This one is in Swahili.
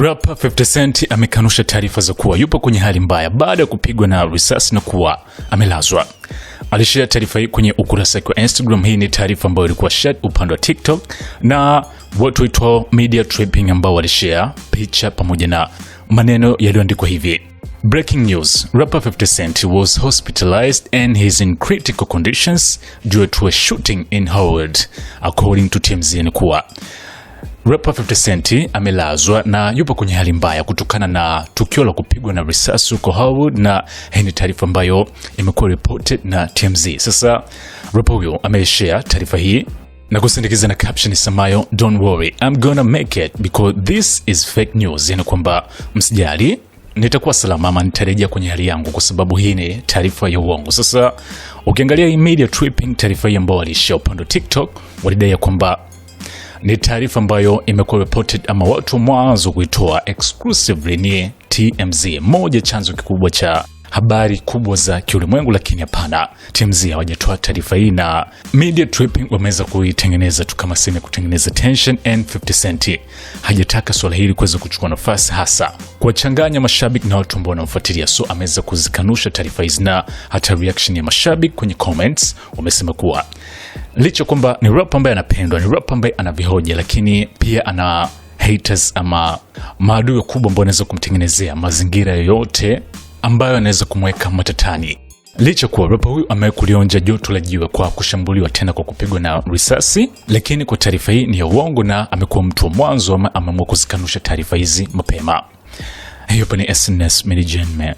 Rapper 50 Cent amekanusha taarifa za kuwa yupo kwenye hali mbaya baada ya kupigwa na risasi na kuwa amelazwa. Alishia taarifa hii kwenye ukurasa wake wa Instagram. Hii ni taarifa ambayo ilikuwa shared upande wa TikTok na watu waitwa media tripping, ambao walishare picha pamoja na maneno yaliyoandikwa hivi. Breaking news. Rapper 50 Cent was hospitalized and he's in critical conditions due to a shooting in Howard, according to TMZ ni kuwa Rapper 50 Cent amelazwa na yupo kwenye hali mbaya kutokana na tukio la kupigwa na risasi huko Hollywood, na hii ni taarifa ambayo imekuwa reported na TMZ. Sasa rapper huyo ameshare taarifa hii na kusindikiza na caption isemayo don't worry I'm gonna make it because this is fake news, yani kwamba msijali nitakuwa salama ama nitarejea kwenye hali yangu kwa sababu hii ni taarifa ya uongo. Sasa ukiangalia hii media tripping, taarifa hii ambayo walishare upande wa TikTok walidai kwamba ni taarifa ambayo imekuwa reported ama watu mwanzo kuitoa exclusively ni TMZ, moja chanzo kikubwa cha habari kubwa za kiulimwengu, lakini hapana, TMZ hawajatoa taarifa hii, na media tripping wameweza kuitengeneza tu kama sehemu ya kutengeneza tension, and 50 Cent hajataka swala hili kuweza kuchukua nafasi, hasa kuwachanganya mashabiki na watu ambao wanamfuatilia, so ameweza kuzikanusha taarifa hizi, na hata reaction ya mashabiki kwenye comments wamesema kuwa licha kwamba ni rap ambaye anapendwa, ni rap ambaye anavihoja, lakini pia ana haters ama maadui wakubwa ambao anaweza kumtengenezea mazingira yoyote ambayo anaweza kumweka matatani. Licha kuwa rapa huyu amewahi kulionja joto la jiwe kwa kushambuliwa tena kwa kupigwa na risasi, lakini kwa taarifa hii ni ya uongo na amekuwa mtu wa mwanzo ama ameamua kuzikanusha taarifa hizi mapema. Hiyo ni SNS Mini